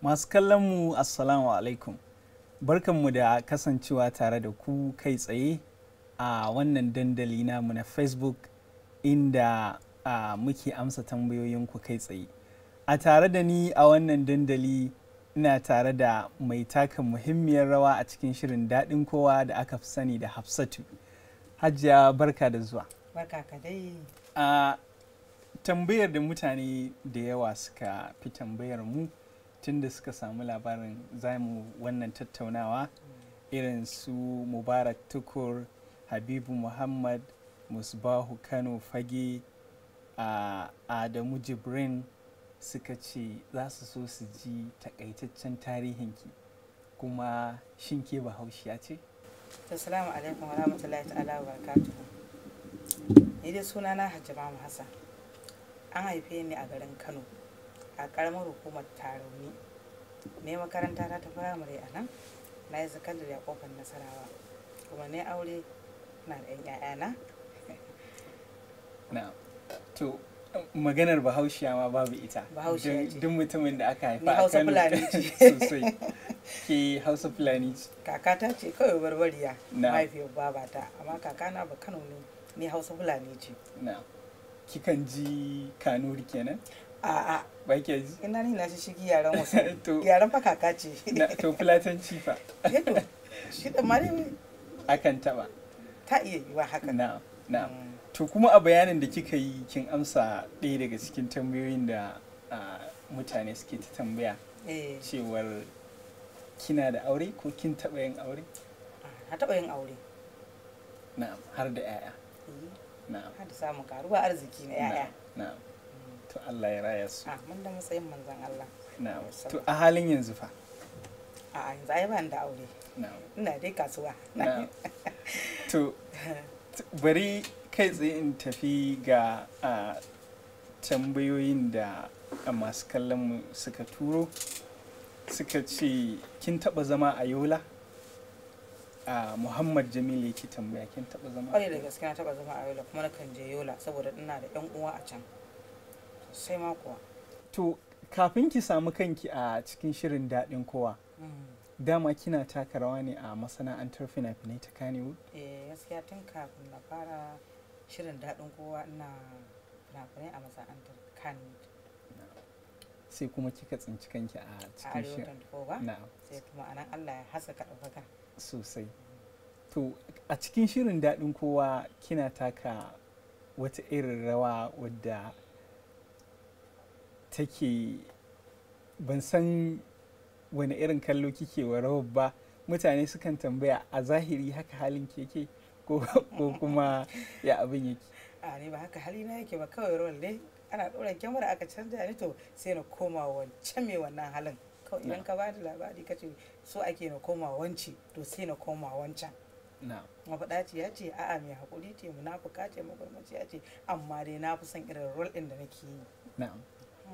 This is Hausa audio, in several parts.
Masu kallon mu Assalamu alaikum. Barkanmu da kasancewa tare da ku kai tsaye a wannan dandali namu na Facebook inda muke amsa tambayoyin ku kai tsaye. A tare da ni a wannan dandali ina tare da mai taka muhimmiyar rawa a cikin shirin daɗin kowa da aka fi sani da Hafsatu. Hajiya barka da zuwa. Barka ka dai. A tambayar da mutane da yawa suka fi tambayar mu. tun da suka samu labarin za mu wannan tattaunawa irin su mubarak tukur habibu muhammad musbahu kano fage a adamu jibrin suka ce za su so su ji takaitaccen ki, kuma shin ke bahaushiya ce? assalamu alaikum wa rahmatullahi ta'ala wa barakatuhu ni dai sunana hajjama hassan an haife ni a garin kano a karamar hukumar tarauni ne makaranta ta ta firamare a nan na yi zakandare a kofar nasarawa kuma ne aure na da 'yan 'ya'yana na to maganar bahaushiya ma babu ita duk mutumin da aka haifa a kano sosai ke hausa fulani kakata ce kawai barbariya mahaifiyar babata amma kakana ba kano ne ni hausa fulani ce kikan ji kanuri kenan a'a ba ke ji ina ni na shi shigi yaran wasu yaran fa kaka ce to ci fa yato eh shi da malami akan taba ta iya yiwa haka na na mm. to kuma a bayanin da kika yi kin amsa ɗaya daga cikin tambayoyin da mutane suke ta tambaya eh. cewar kina da aure ko kin taɓa yin aure na taɓa yin aure na'am har da 'ya'ya eh. na'am har da samun karuwa arziki na 'ya'ya na'am to Allah ya raya su ah, mun da matsayin manzon Allah na'am to a halin yanzu fa a yanzu ai ban da aure na'am ina dai kasuwa na'am to bari kai tsaye in tafi ga tambayoyin da masu kallon mu suka turo suka ce kin taba zama a yola a muhammad ya yake tambaya kin zama a yola taba zama a yola kuma na kan je yola saboda ina da yan uwa a can sai ma to kafin ki samu kanki a cikin shirin daɗin kowa mm. dama kina taka rawa ne a masana'antar fina-finai ta kanewood? eh gaskiya tun kafin na fara shirin daɗin kowa ina fina-finai a masana'antar kanewood sai kuma kika tsinci kanki a cikin shi sai kuma anan Allah ya hasa ka ɗaukaka sosai to a cikin shirin daɗin kowa kina taka wata irin rawa wadda take ban san wani irin kallo kike wa rawar ba mutane sukan tambaya a zahiri haka halin keke ko kuma ya abin yake a ne ba haka hali na yake ba kawai rawar dai ana ɗora kyamara aka canza ni to sai na koma wancan mai wannan halin kawai idan ka bada labari ka ce so ake na koma wance to sai na koma wancan mafaɗaci ya ce a'a mai hakuri ce munafuka ce magwamnati ya ce amma dai na fi son irin rol ɗin da nake yi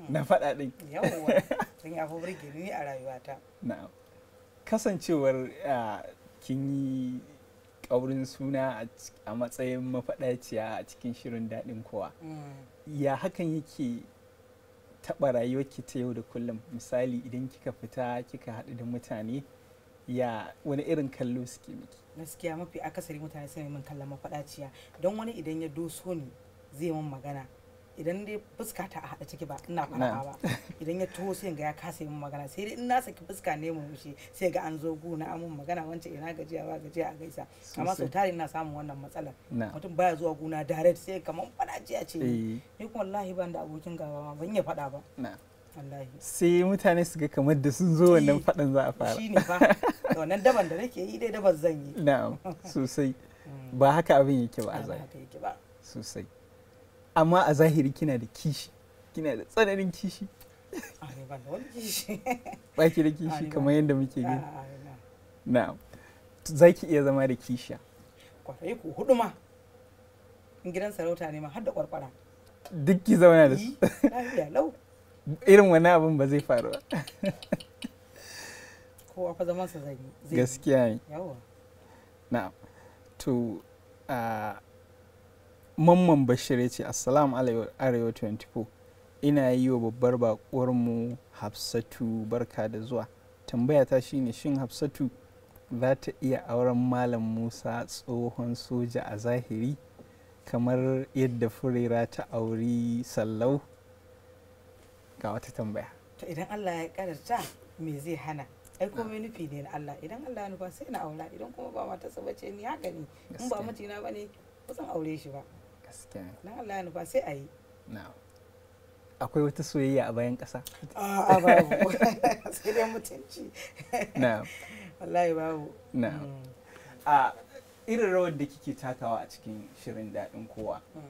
na faɗa ɗin sun ya burge ni a rayuwata kasancewar kin yi ƙaurin suna a matsayin mafaɗaciya a cikin shirin daɗin kowa mm. ya hakan yake taɓa rayuwarki ta yau da kullum misali idan kika fita kika haɗu da mutane ya wani irin kallo suke miki gaskiya mafi akasari mutane suna min kallon mafaɗaciya don wani idan ya doso ni zai min magana idan dai fuska ta a haɗa ciki ba ina fara ba idan ya taho sai ga ya kasa yin magana sai dai in na saki fuska ne mu shi sai ga an zo gu na amun magana wancan ina gajiya ba gajiya a gaisa amma sau tare ina samun wannan matsalar mutum baya zuwa guna direct sai kamar jiya ce eh. ni kuma wallahi ban da abokin gaba ma ban iya faɗa ba sai mutane su ga kamar da sun zo wannan eh, faɗan za a fara shine ne fa wannan daban da nake yi dai daban zan yi na'am sosai mm. ba haka abin yake ba a zai sosai amma a zahiri kina da kishi kina da tsananin kishi ba ki da kishi kamar yadda muke gani ah, na za ki iya zama da kishiya kwarai ku hudu ma in gidan sarauta ne ma har da kwarkwara duk ki zauna da su irin wani abin ba zai faru ba kowa fa zaman sa zai gaskiya ne na to ah, mamman bashir ya ce assalamu arewa 24 ina yi wa babbar mu hafsatu barka da zuwa tambaya ta shine shin hafsatu za ta iya auren malam musa tsohon soja a zahiri kamar yadda furera ta auri sallau ga wata tambaya to idan allah ya karanta me zai hana ai mai nufi ne na allah idan allah ya nufa sai na aura idan kuma ba mata sabace ni haka ne in ba mijina bane ba zan aure shi ba gaskiya na Allah nufa sai a yi akwai wata soyayya a bayan ƙasa? a babu sai dai mutunci wallahi babu mm. a irin rawar da kike takawa a cikin shirin daɗin kowa mm.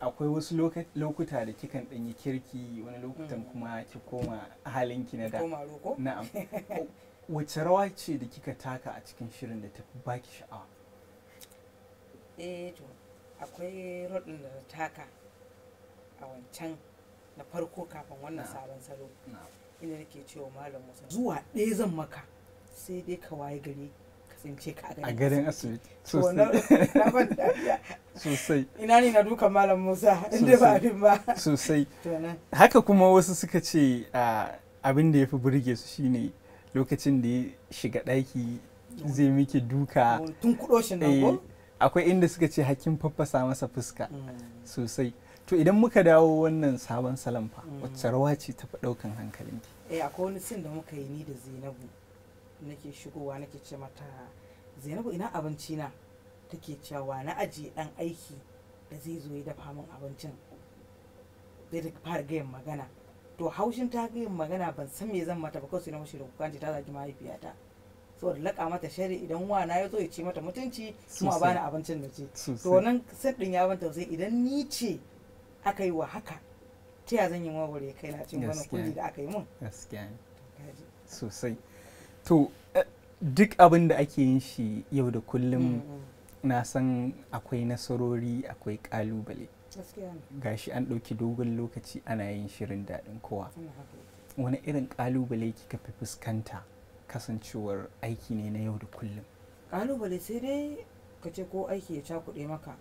akwai wasu lokuta da kikan ɗanyi kirki wani lokutan mm. kuma ki koma halinki na da na'am wace rawa ce da kika taka a cikin shirin da ta baki sha'awa eh to akwai rodin da ta taka a wancan na farko kafin wannan sabon salo inda nake cewa malam musa zuwa ɗaya zan maka sai dai ka waye gari ka tsince ka a garin asibiti sosai ina ne na duka malam musa inda ba abin ba sosai haka kuma wasu suka ce abin da ya fi burge su shine lokacin da ya shiga ɗaki zai miki duka tun kudoshin shi ko eh, akwai inda suka ce hakin faffasa masa fuska mm. sosai to idan muka dawo wannan sabon salon fa mm. wacce rawa ce ta hankalin ki eh akwai wani sin da muka yi ni da zainabu nake shigowa nake ce mata zainabu ina abinci na take cewa na aje dan aiki da zai zo ya dafa min abincin zai da fara gayin magana to haushin ta gayin magana ban san me zan mata ba kawai sai na mushi da kuka ta zaki mahaifiyata saboda laka mata shari idan wana ya zo ya ce mata mutunci kuma bani abincin da ce to wannan set din ya banta sai idan ni ce aka yi wa haka ta ya zan yi wuri kai na cin wani kuɗi da aka yi mun Gaskiya sosai to eh, duk abin da ake yin shi yau da kullum na san akwai nasarori akwai kalubale gashi an ɗauki dogon lokaci ana yin shirin daɗin kowa wani irin kalubale kika fi fuskanta kasancewar aiki ne na yau da kullum kalubale sai dai ka ce ko aiki ya cakuɗe maka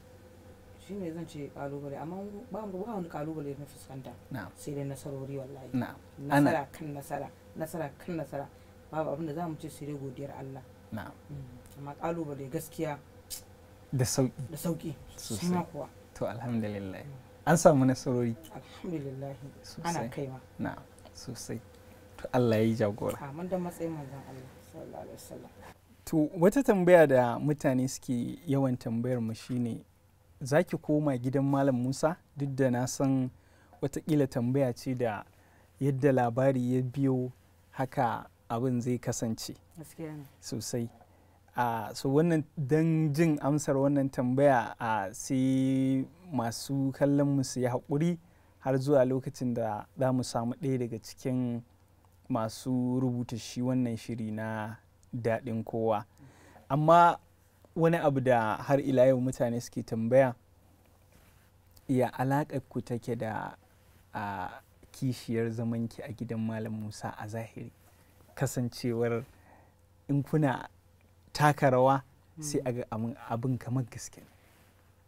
shi ne zan ce kalubale amma ba wani kalubale na fuskanta sai dai nasarori wallahi nasara kan nasara nasara kan nasara babu abinda za mu ce sai dai godiyar Allah mm. amma kalubale gaskiya da sauki da sauki sosai kuwa to alhamdulillah mm. an samu nasarori alhamdulillah ana kaiwa na'am sosai Allah ya jagora amin da matsayin manzon Allah to wata tambaya da mutane suke yawan tambayar mu shine zaki koma gidan malam Musa duk da na san watakila tambaya ce da yadda labari ya biyo haka abin zai kasance sosai a so wannan don jin amsar wannan tambaya a sai masu kallon mu su haƙuri har zuwa lokacin da za mu samu ɗaya daga cikin masu rubuta shi wannan shiri na daɗin kowa amma wani abu da har ila yau mutane suke tambaya ya alaƙar ku take da a kishiyar zamanki a gidan malam musa a zahiri kasancewar in kuna taka rawa sai a ga abin kamar gaske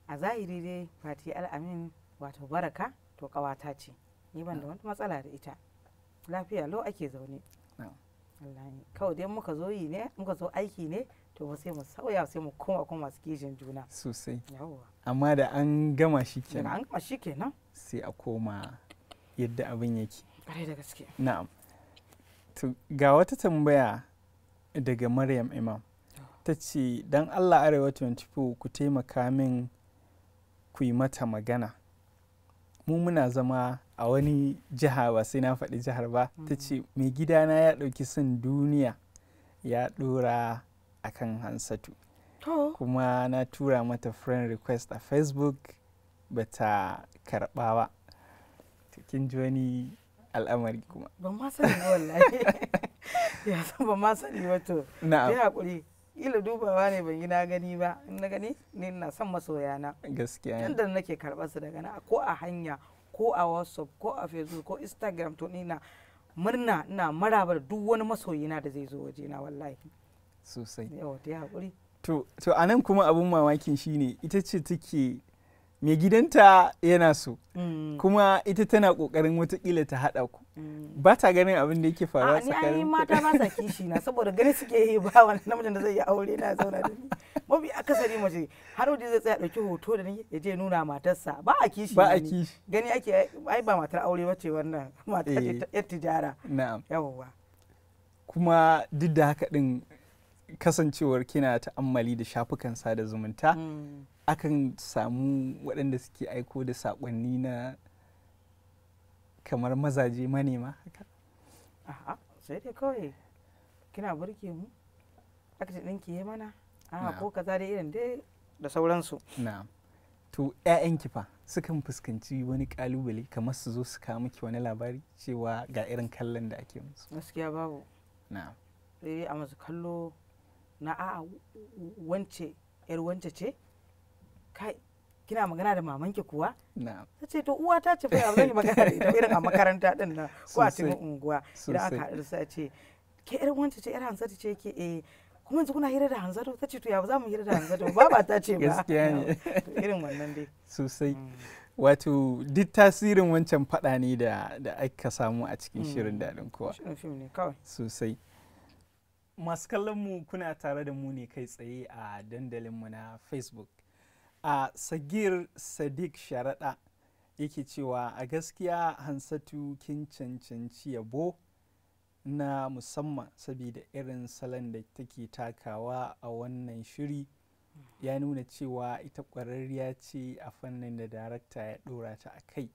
a zahiri dai fati al'amin wato baraka to kawata ce ni ban da wata matsala da ita lafiya lau ake zaune kawai dai muka zo yi ne muka zo aiki ne to ba sai mu sauya sai mu koma koma su kejin juna sosai amma da an gama shi kenan an gama shi kenan sai a koma yadda abin yake ƙwarai da gaske na'am to ga wata tambaya daga maryam imam ta ce don allah arewa 24 ku taimaka min ku yi mata magana mu muna zama a wani jiha ba sai na faɗi jihar ba mm. ta ce mai gidana ya ɗauki son duniya ya ɗora a kan hansatu kuma na tura mata friend request a facebook ba ta karɓa ba kin ji wani al'amari kuma ban ma sani na wallahi ya san ban ma sani wato na'am ya hakuri ila dubawa ne ban yi na gani ba in na gani ne na son masoyana gaskiya yanda nake karɓar su daga na ko a hanya ko a whatsapp ko a facebook ko instagram to ina murna ina marabar duk wani masoyina da zai zo wajena wallahi sosai yawa ta hakuri to to anan kuma abin mamakin shine ita ce take mai gidanta yana so mm. kuma ita tana kokarin watakila ta hada ku mm. ba ta ganin abin da yake faruwa tsakanin ni mata ba sa kishi na saboda gani suke yi ba wani namijin da zai yi aure na zauna da ni mafi akasari mace har waje zai tsaya dauki hoto da ni ya je nuna matarsa ba a kishi ba a kishi gani ake ai ba matar aure bace wannan mata ta eh. tijara na'am yawwa kuma duk da haka din kasancewar kina ta'ammali da shafukan sada zumunta hmm. akan samu waɗanda suke aiko da saƙonni na kamar mazaje manema haka? A'a, sai dai kawai kina burke mu, aka ce ɗinki ya mana, a ah, ko kaza da irin dai da sauransu. Na To, 'ya'yan fa sukan fuskanci wani ƙalubale kamar su zo su kawo miki wani labari cewa ga irin kallon da ake musu. Gaskiya babu. Na. Sai a masu kallo na a'a wance yar wance ce kai kina magana da mamanki kuwa ta ce to uwa ta ce fa zan yi magana da ita irin a makaranta din na ko a cikin unguwa idan aka haɗu sai ce ke yar wance ce yar hansatu ce ke eh kuma yanzu kuna hira da hanzado ta ce to ya ba za mu hira da hanzado ba ba ta ce ba gaskiya ne irin wannan dai sosai mm. wato duk tasirin wancan fada ne da aka samu a cikin shirin mm. daɗin kowa sosai masu kallon mu kuna tare da mu ne kai tsaye a dandalinmu na facebook a sagir sadiq sharaɗa yake cewa a gaskiya hansatu kin cancanci yabo na musamman saboda irin salon da take takawa a wannan shiri ya nuna cewa ita kwararriya ce a fannin da darakta ya dora ta a kai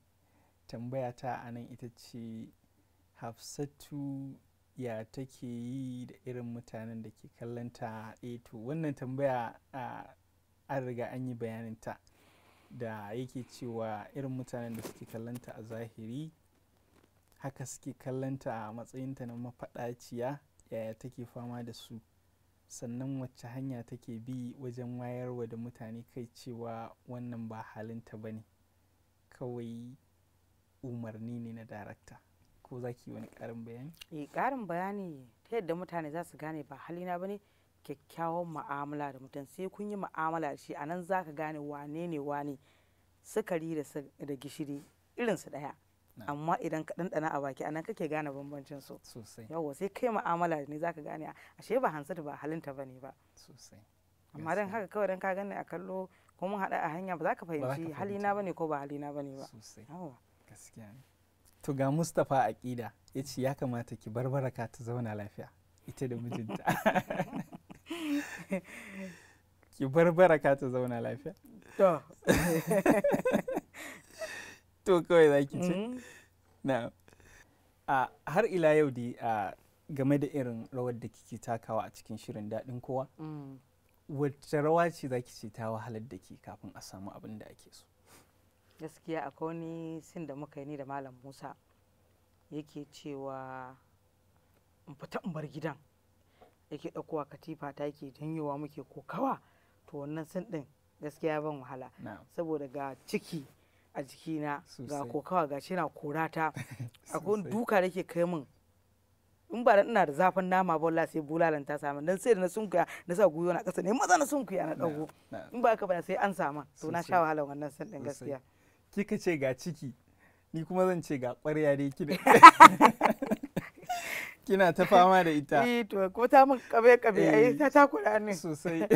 tambaya ta a nan ita ce hafsatu ya take yi da irin mutanen da ke kallanta eh to wannan tambaya an riga an yi bayaninta da yake cewa irin mutanen da suke kallanta a zahiri haka suke kallanta a matsayinta na mafaɗaciya yaya take fama da su sannan wacce hanya take bi wajen wayarwa da mutane kai cewa wannan ba halinta ba ne kawai umarni ne na darakta ko za ki wani ƙarin bayani? Eh ƙarin bayani ta yadda mutane za su gane ba halina ba ne kyakkyawan mu'amala da mutum sai kun yi mu'amala shi a nan za ka gane wane ne wane sukari da gishiri irinsu ɗaya. amma idan ka ɗanɗana a baki a nan kake gane bambancin su sosai Yawwa sai kai mu'amala ne za ka gane ashe ba hansu ba halinta ba ne ba sosai amma dan haka kawai dan ka gane a kallo ko mun haɗa a hanya ba za ka fahimci halina ba ne ko ba halina ne ba sosai gaskiya ne to ga mustapha aƙida ya ce ya kamata ki bar baraka ta zauna lafiya ita da mijinta ki bar baraka ta zauna lafiya to to kawai za ki ce mm-hmm. na har ila yau dai a game da irin rawar da kike takawa a cikin shirin daɗin kowa mm. wacce rawa ce za ki ce ta wahalar da ke kafin a samu abin da ake so gaskiya akwai wani sin da muka yi ni da malam musa yake cewa in fita in bar gidan yake ɗaukowa katifa ta yake janyowa muke kokawa to wannan sin ɗin gaskiya ban wahala saboda ga ciki a jikina ga kokawa ga shi na korata akwai duka da ke kai min in ba ina da zafin nama ba wallahi sai bulalan ta samu dan sai da na sunkuya na sa guyo na kasa ne maza na sunkuya na dago in ba ka ba sai an samu to na sha wahala wannan san din gaskiya kika ce ga ciki ni kuma zan ce ga kwarya dai kina kina ta fama da ita eh to ko ta mun kabe kabe ai eh, ta takura ne sosai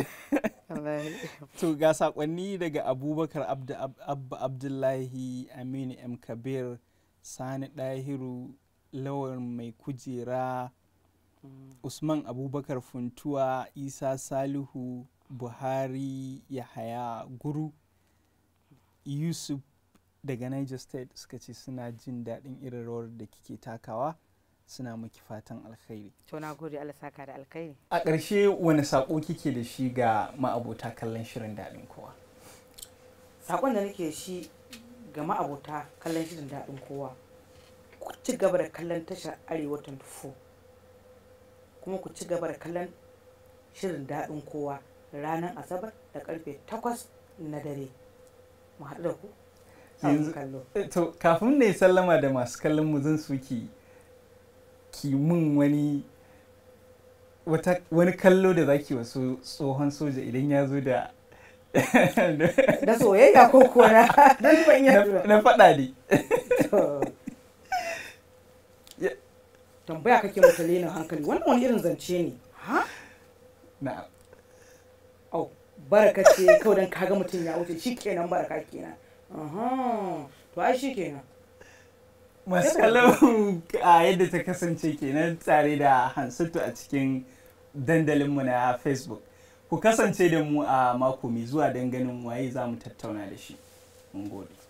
to ga sakonni daga Abubakar Abba Abdullahi Aminu M Kabir Sani Dahiru Lawan mai kujera mm. Usman Abubakar Funtuwa Isa Salihu Buhari Yahaya Guru Yusuf daga niger state suka ce suna jin daɗin irin rawar da kike takawa suna miki fatan alkhairi to na gode allah saka da alkhairi a ƙarshe wani saƙo kike da shi ga ma'abota kallon shirin daɗin kowa saƙon da nake shi ga ma'abota kallon shirin daɗin kowa ku ci gaba da kallon tashar arewa 24 kuma ku ci gaba da kallon shirin daɗin kowa ranar asabar da karfe 8 na dare mu haɗu da ku Eh, to kafin na yi sallama da masu kallon mu zan so ki ki mun wani wani kallo da zaki wasu tsohon soja idan ya zo da da soyayya ko kuwa na fada ne tambaya kake mutane lenin hankali wannan wani irin zance ne ha na au baraka ce kawai dan kaga mutum ya wuce shi kenan baraka kenan to ai shi kenan masu kallon a yadda ta kasance kenan tare da hansatu a cikin dandalinmu na facebook ku kasance da mu a mako mai zuwa don ganin waye za mu tattauna da shi mun gode